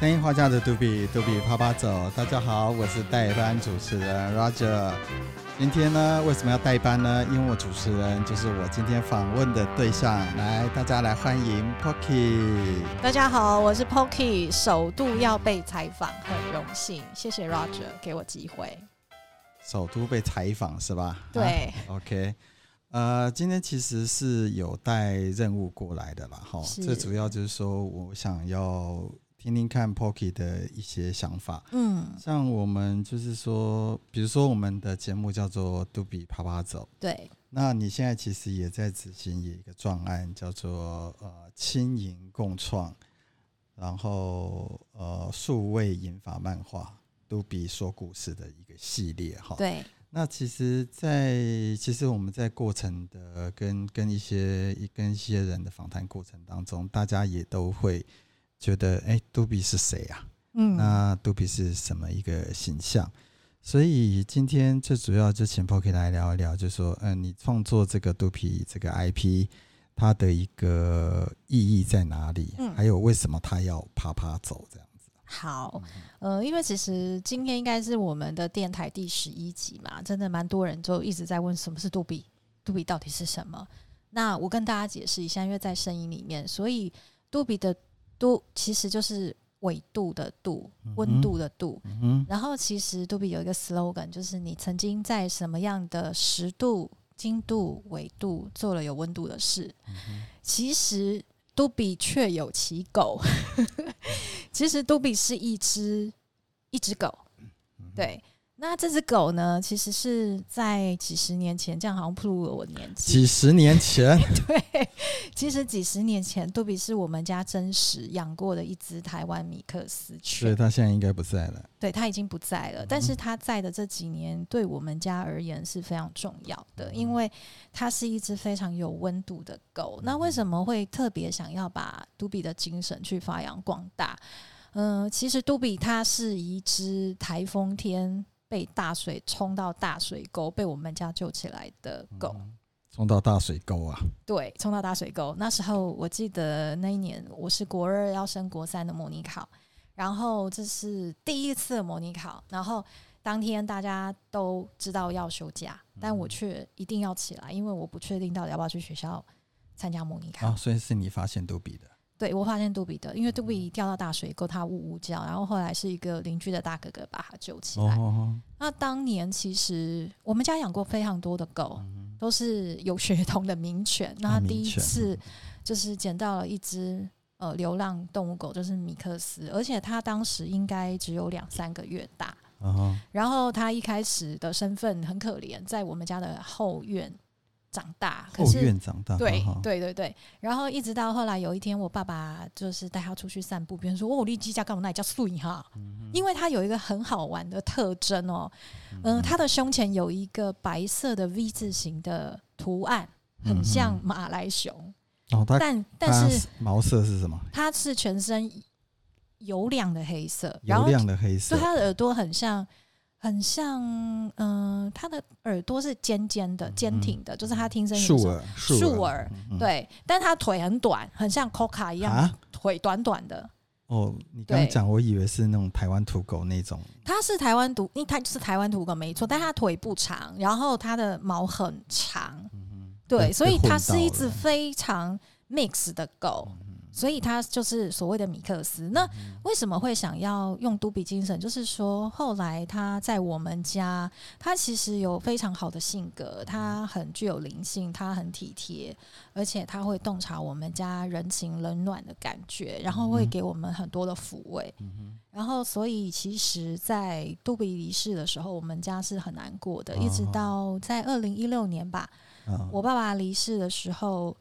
聲音畫家的度比，度比趴趴走，大家好，我是代班主持人 Roger。今天呢，為什麼要代班呢？因為我主持人就是我今天訪問的對象。來，大家來歡迎 Poki。大家好，我是 Poki，首度要被採訪，很榮幸，謝謝 Roger 給我機會。首都被採訪是吧？對。啊、OK，呃，今天其實是有帶任務過來的啦，哈。是。最主要就是說我想要。聽聽看 Poki 的一些想法，嗯，像我們就是說，比如說我們的節目叫做度比趴趴走，對。那你現在其實也在執行一個專案，叫做呃青銀共創，然後呃數位引發漫畫度比說故事的一個系列哈。對。那其實在，在其實我們在過程的跟跟一些一跟一些人的訪談過程當中，大家也都會。覺得哎，度比是誰呀？啊？嗯，那度比是什麼一個形象？所以今天最主要就請 Poki 來聊一聊，就說嗯、呃，你創作這個度比這個 IP，它的一個意義在哪裡？嗯、還有為什麼他要趴趴走這樣子？好，嗯、呃，因為其實今天應該是我們的電台第十一集嘛，真的蠻多人就一直在問什麼是度比，度比到底是什麼？那我跟大家解釋一下，因為在聲音裡面，所以度比的。度，其實就是緯度的度，溫度的度。嗯嗯、然後其實度比有一個 slogan，就是你曾經在什麼樣的時度、經度、緯度做了有溫度的事。嗯、其實度比確卻有其狗， 其實度比是一只一只狗，嗯、對。那這隻狗呢？其實是在幾十年前，這樣好像暴露了我的年紀。幾十年前， 對，其實幾十年前，杜比是我們家真實養過的一隻台灣米克斯犬。所以它現在應該不在了。對，它已經不在了。嗯、但是它在的這幾年，對我們家而言是非常重要的，因為它是一隻非常有溫度的狗。那為什麼會特別想要把杜比的精神去發揚光大？嗯、呃，其實杜比它是一隻颱風天被大水沖到大水溝，被我們家救起來的狗，沖到大水溝啊！對，沖到大水溝。那時候我記得那一年我是國二要升國三的模擬考，然後這是第一次模擬考，然後當天大家都知道要休假，但我卻一定要起來，因為我不確定到底要不要去學校參加模擬考。所以是你發現度比的？對，我發現度比的，因為度比掉到大水溝，它嗚嗚叫，然後後來是一個鄰居的大哥哥把它救起來哦哦哦。那當年其實我們家養過非常多的狗，都是有血統的名犬。嗯、那他第一次就是撿到了一隻呃流浪動物狗，就是米克斯，而且它當時應該只有兩三個月大。哦哦然後它一開始的身份很可憐，在我們家的後院。長大可是後院長大對對對對，然後一直到後來有一天，我爸爸就是帶他出去散步，比如說哦，我立雞架，幹嘛那也叫素影哈，因為它有一個很好玩的特徵哦，嗯、呃，它的胸前有一個白色的 V 字形的圖案、嗯，很像馬來熊、嗯、但、哦、但是，是毛色是什麼？它是全身油亮的黑色，油亮的黑色、嗯，所以它的耳朵很像。很像，嗯、呃，他的耳朵是尖尖的、堅挺的、嗯，就是他聽聲音豎耳，豎耳，耳、嗯，對。但它他腿很短，很像 Coca 一樣、啊，腿短短的。哦，你剛講，我以為是那種台灣土狗那種。它是台灣土，因它就是台灣土狗沒錯，但它腿不長，然後它的毛很長，嗯嗯、對，所以它是一隻非常 mix 的狗。所以他就是所謂的米克斯。那為什麼會想要用度比精神？就是說，後來他在我們家，他其實有非常好的性格，他很具有靈性，他很體貼，而且他會洞察我們家人情冷暖的感覺，然後會給我們很多的撫慰。然後，所以其實，在度比離世的時候，我們家是很難過的。一直到在二零一六年吧，我爸爸離世的時候。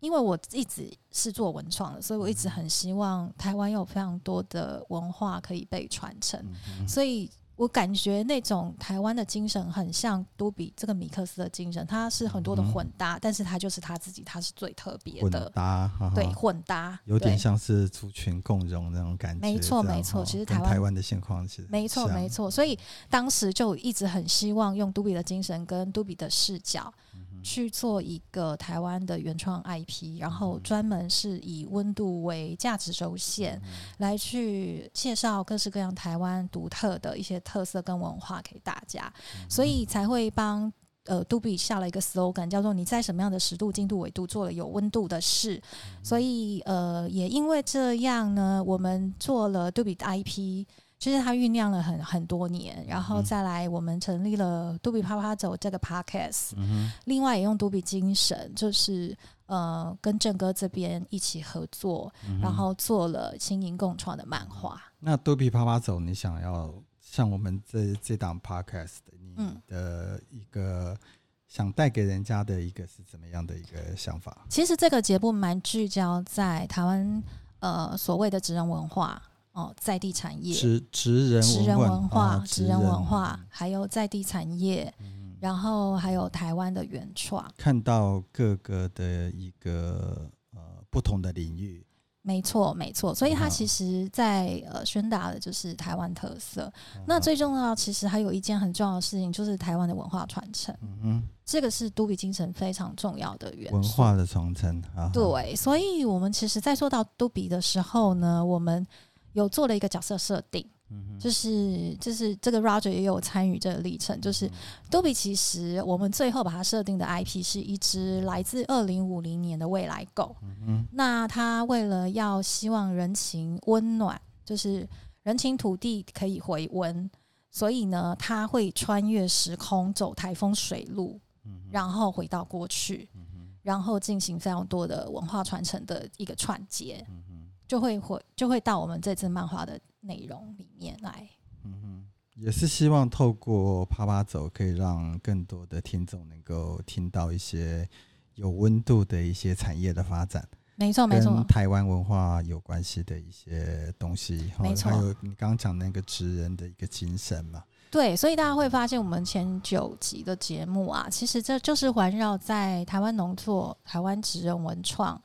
因為我一直是做文創的，所以我一直很希望台灣有非常多的文化可以被傳承，嗯。所以我感覺那種台灣的精神很像度比這個米克斯的精神，它是很多的混搭，嗯、但是它就是它自己，它是最特別的混搭呵呵。對，混搭有點像是族群共融那種感覺。沒錯，沒錯，其實台灣台灣的現況其實沒錯沒錯。所以當時就一直很希望用度比的精神跟度比的視角。去做一個台灣的原創 IP，然後專門是以溫度為價值軸線，嗯、來去介紹各式各樣台灣獨特的一些特色跟文化給大家，嗯、所以才會幫呃杜比下了一個 slogan，叫做你在什麼樣的時度、經度、緯度做了有溫度的事，嗯、所以呃也因為這樣呢，我們做了杜比的 IP。就是他醞釀了很很多年，然後再來我們成立了度比、嗯、趴,趴趴走這個 podcast，、嗯、另外也用度比精神，就是呃跟正哥這邊一起合作，嗯、然後做了心靈共創的漫畫。嗯、那度比趴,趴趴走，你想要像我們這這檔 podcast 的你的一個想帶給人家的一個是怎麼樣的一個想法？嗯、其實這個節目蠻聚焦在台灣呃所謂的職人文化。哦，在地產業、職人、職人文化、職人，人，、啊、人文化，還有在地產業，嗯、然後還有台灣的原創，看到各個的一個呃不同的領域，沒錯，沒錯。所以它其實在呃宣達的就是台灣特色。那最重要，其實還有一件很重要的事情，就是台灣的文化傳承。嗯，嗯這個是度比精神非常重要的原文化的傳承啊。對，所以我們其實在做到度比的時候呢，我們。有做了一個角色設定，嗯，就是就是這個 Roger 也有參與這個歷程，嗯。就是度比其實我們最後把它設定的 IP 是一只來自二零五零年的未來狗。嗯、那它為了要希望人情溫暖，就是人情土地可以回溫，所以呢，它會穿越時空，走台風水路、嗯，然後回到過去，嗯、然後進行非常多的文化傳承的一個串接。嗯就會會就會到我們這次漫畫的內容裡面來。嗯哼，也是希望透過趴趴走，可以讓更多的聽眾能夠聽到一些有溫度的一些產業的發展。沒錯，沒錯，跟台灣文化有關係的一些東西，沒錯。哦、沒錯，還有你剛剛講那個職人的一個精神嘛。對，所以大家會發現，我們前九集的節目啊，其實這就是環繞在台灣農作、台灣職人文創。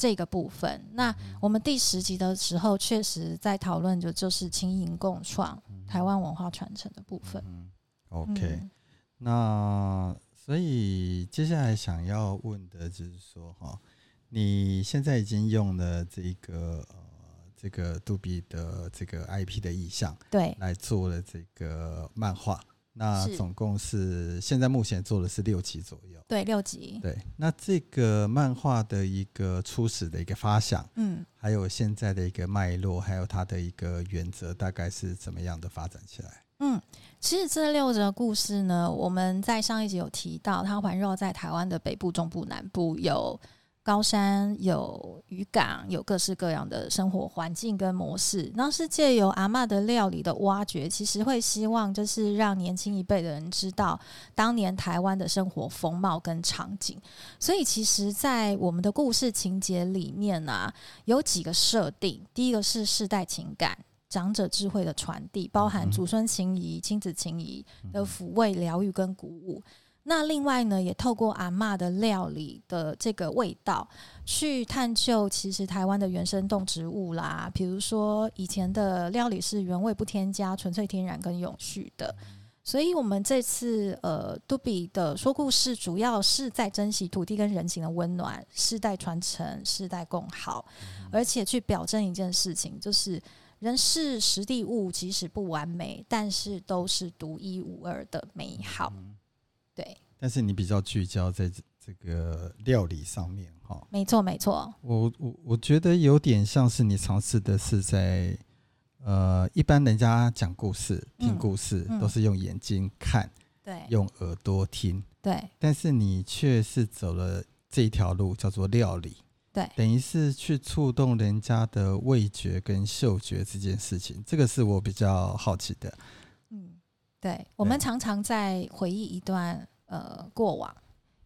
這個部分，那我們第十集的時候，確實在討論的就是青銀共創台灣文化傳承的部分。嗯。OK，那所以接下來想要問的就是說，哈，你現在已經用了這個、呃、這個度比的這個 IP 的意象，對，來做了這個漫畫。那總共是現在目前做的是六集左右，對，六集。對，那這個漫畫的一個初始的一個發想，嗯，還有現在的一個脈絡，還有它的一個原則，大概是怎麼樣的發展起來？嗯，其實這六則故事呢，我們在上一集有提到，它環繞在台灣的北部、中部、南部有。高山有漁港，有各式各樣的生活環境跟模式。當時藉由阿嬤的料理的挖掘，其實會希望就是讓年輕一輩的人知道當年台灣的生活風貌跟場景。所以，其實，在我們的故事情節裡面啊，有幾個設定。第一個是世代情感、長者智慧的傳遞，包含祖孫情誼、親子情誼的撫慰、療癒跟鼓舞。那另外呢，也透過阿嬤的料理的這個味道，去探究其實台灣的原生動植物啦，比如說以前的料理是原味不添加、純粹天然跟永續的。所以，我們這次呃度比的說故事，主要是在珍惜土地跟人情的溫暖，世代傳承，世代共好，而且去表徵一件事情，就是人事時地物，即使不完美，但是都是獨一無二的美好。對，但是你比較聚焦在這個料理上面哈，沒錯沒錯。我我我覺得有點像是你嘗試的是在，呃，一般人家講故事，聽故事、嗯嗯、都是用眼睛看，對，用耳朵聽，對。但是你卻是走了這一條路，叫做料理，對，等於是去觸動人家的味覺跟嗅覺這件事情，這個是我比較好奇的。對，我們常常在回憶一段呃過往，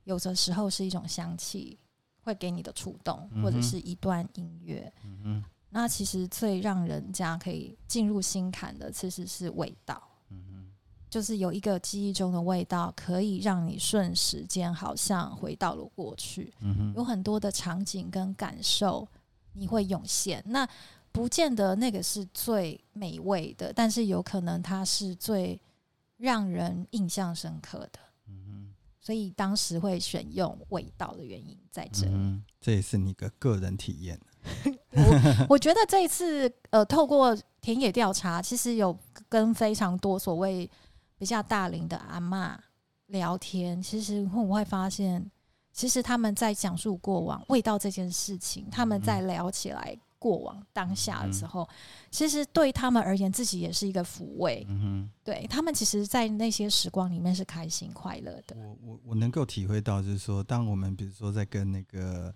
有的時候是一種香氣會給你的觸動，或者是一段音樂。嗯，那其實最讓人家可以進入心坎的其實是味道。嗯，就是有一個記憶中的味道，可以讓你瞬時間好像回到了過去。嗯，有很多的場景跟感受你會湧現。那不見得那個是最美味的，但是有可能它是最。讓人印象深刻的，嗯，所以當時會選用味道的原因在這裡，嗯、這也是你的個、個人體驗。 我我覺得這一次，呃，透過田野調查，其實有跟非常多所謂比較大齡的阿嬤聊天，其實我會發現，其實他們在講述過往味道這件事情，他們在聊起來。嗯過往當下的時候、嗯，其實對他們而言，自己也是一個撫慰。嗯哼，對他們，其實，在那些時光裡面是開心快樂的。我我我能夠體會到，就是說，當我們比如說在跟那個、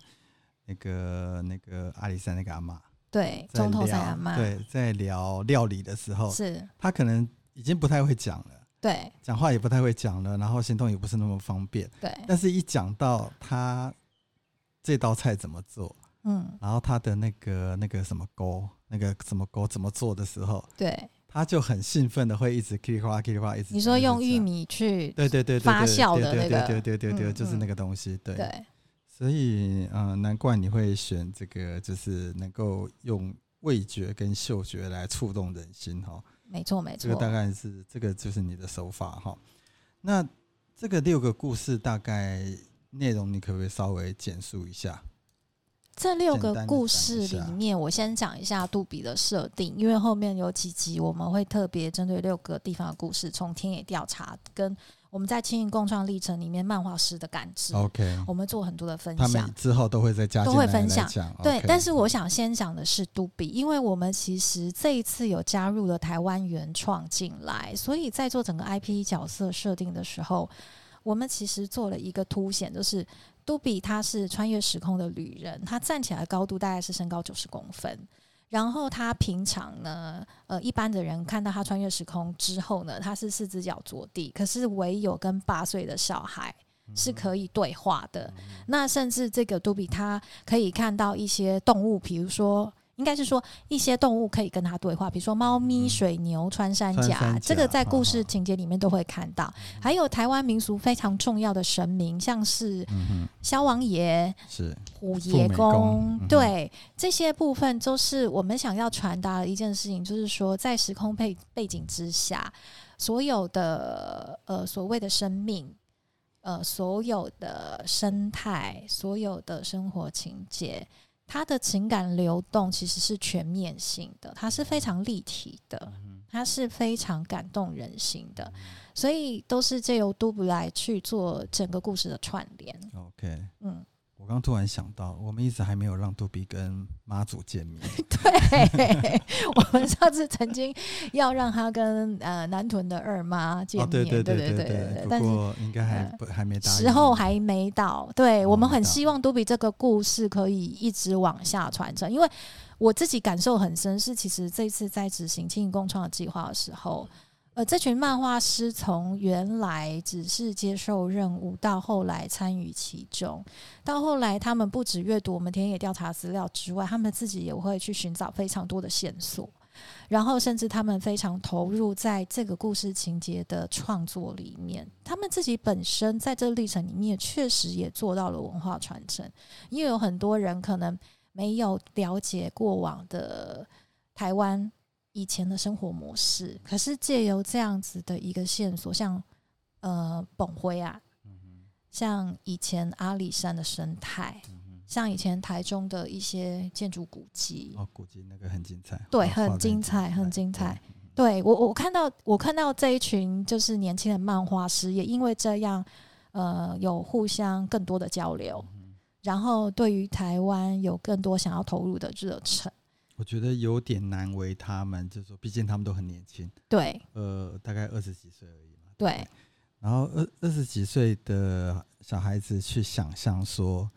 那個、那個阿里山那個阿媽，對，總統山阿媽，對，在聊料理的時候，是他可能已經不太會講了，對，講話也不太會講了，然後行動也不是那麼方便，對。但是一講到他這道菜怎麼做？嗯，然後他的那個那個什麼鈎，那個什麼鈎、那個、怎，怎麼做的時候，對，他就很興奮的會一直噼里啪啦噼里啪啦一直。你說用玉米去對對對發酵的那個、嗯、對對對對對，對，嗯嗯、就是那個東西，對。所以、呃、難怪你會選這個，就是能夠用味覺跟嗅覺來觸動人心哈。沒錯沒錯，這個大概是這個就是你的手法哈。那這個六個故事大概內容，你可不可以稍微簡述一下？這六個故事裡面，我先講一下度比的設定，因為後面有幾集我們會特別針對六個地方的故事，從田野調查跟我們在青雲共創歷程裡面漫畫師的感知。OK，我們做很多的分享。他們之後都會再加，都會分享，對、okay。但是我想先講的是度比，因為我們其實這一次有加入了台灣原創進來，所以在做整個 IP 角色設定的時候，我們其實做了一個凸顯，就是。度比他是穿越時空的旅人，他站起來的高度大概是身高九十公分。然後他平常呢，呃，一般的人看到他穿越時空之後呢，他是四隻腳着地。可是唯有跟八歲的小孩是可以對話的。嗯、那甚至這個度比他可以看到一些動物，比如說。應該是說，一些動物可以跟他對話，比如說貓咪、水牛穿、嗯、穿山甲，這個在故事情節裡面都會看到。嗯、還有台灣民俗非常重要的神明，嗯、像是蕭王爺、虎爺公，公，對、嗯、這些部分，都是我們想要傳達的一件事情，嗯、就是說，在時空背背景之下，所有的呃所謂的生命，呃所有的生態，所有的生活情節。他的情感流動其實是全面性的，他是非常立體的，他是非常感動人心的、嗯，所以都是借由度比來去做整個故事的串聯。OK，嗯。我剛突然想到，我們一直還沒有讓杜比跟媽祖見面。對， 我們上次曾經要讓他跟呃南屯的二媽見面，啊、對，對，對，對對對對對對。不過應該還不、呃、還沒到，時候還沒到。對，到對，我們很希望杜比這個故事可以一直往下傳承，因為我自己感受很深，是其實這次在執行“青銀共創”計劃的時候。呃，這群漫畫師從原來只是接受任務，到後來參與其中，到後來他們不止閱讀我們田野調查資料之外，他們自己也會去尋找非常多的線索，然後甚至他們非常投入在這個故事情節的創作裡面。他們自己本身在這個歷程裡面，確實也做到了文化傳承，因為有很多人可能沒有了解過往的台灣，以前的生活模式，可是借由這樣子的一個線索，像呃，本輝啊、嗯，像以前阿里山的生態、嗯，像以前台中的一些建築古蹟，哦，古蹟那個很精彩，對，很精彩，很精彩，很精彩。對，對我，我看到，我看到這一群就是年輕的漫畫師，也因為這樣，呃，有互相更多的交流，嗯、然後對於台灣有更多想要投入的熱忱。嗯我覺得有點難為他們，就是說，畢竟他們都很年輕，對，呃，大概二十幾歲而已嘛。對。然後二二十幾歲的小孩子去想象說，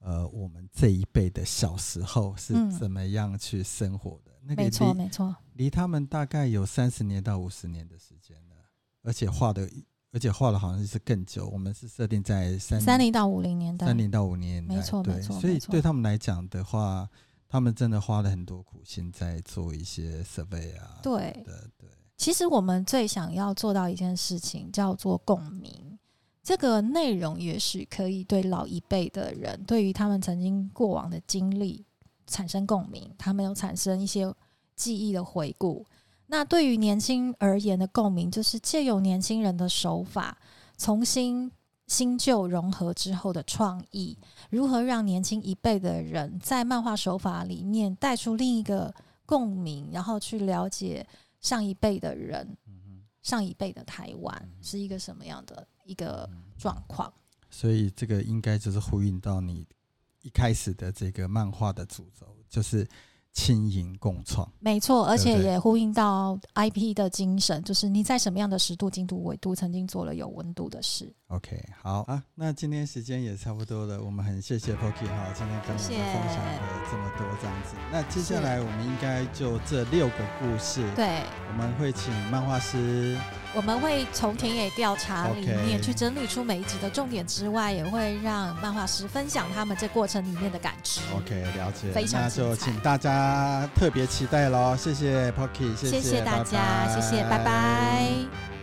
呃，我們這一輩的小時候是怎麼樣去生活的，嗯、那個離，沒錯，離他們大概有三十年到五十年的時間了，而且畫的，而且畫的好像是更久。我們是設定在三三零到五零年代，三零到五零年代，沒錯沒錯。所以對他們來講的話。他們真的花了很多苦心在做一些設備啊，對。對，對。其實我們最想要做到一件事情叫做共鳴。這個內容也許可以對老一輩的人，對於他們曾經過往的經歷產生共鳴，他們有產生一些記憶的回顧。那對於年輕而言的共鳴，就是借由年輕人的手法，重新。新舊融合之後的創意，如何讓年輕一輩的人在漫畫手法裡面帶出另一個共鳴，然後去了解上一輩的人，上一輩的台灣是一個什麼樣的一個狀況？嗯，所以這個應該就是呼應到你一開始的這個漫畫的主軸，就是。輕盈共創，沒錯，而且也呼應到 IP 的精神，對，對，就是你在什麼樣的時度、經度、緯度曾經做了有溫度的事。OK，好啊，那今天時間也差不多了，我們很謝謝 Poki，好，今天跟我們分享了這麼多，這樣子，謝謝。那接下來我們應該就這六個故事，對，我們會請漫畫師。我們會從田野調查裡面去整理出每一集的重點之外，okay. 也會讓漫畫師分享他們這過程裡面的感知。OK，了解。非常那就請大家特別期待嘍！謝謝 Poki，謝謝,謝,謝大家拜拜，謝謝，拜拜。謝謝拜拜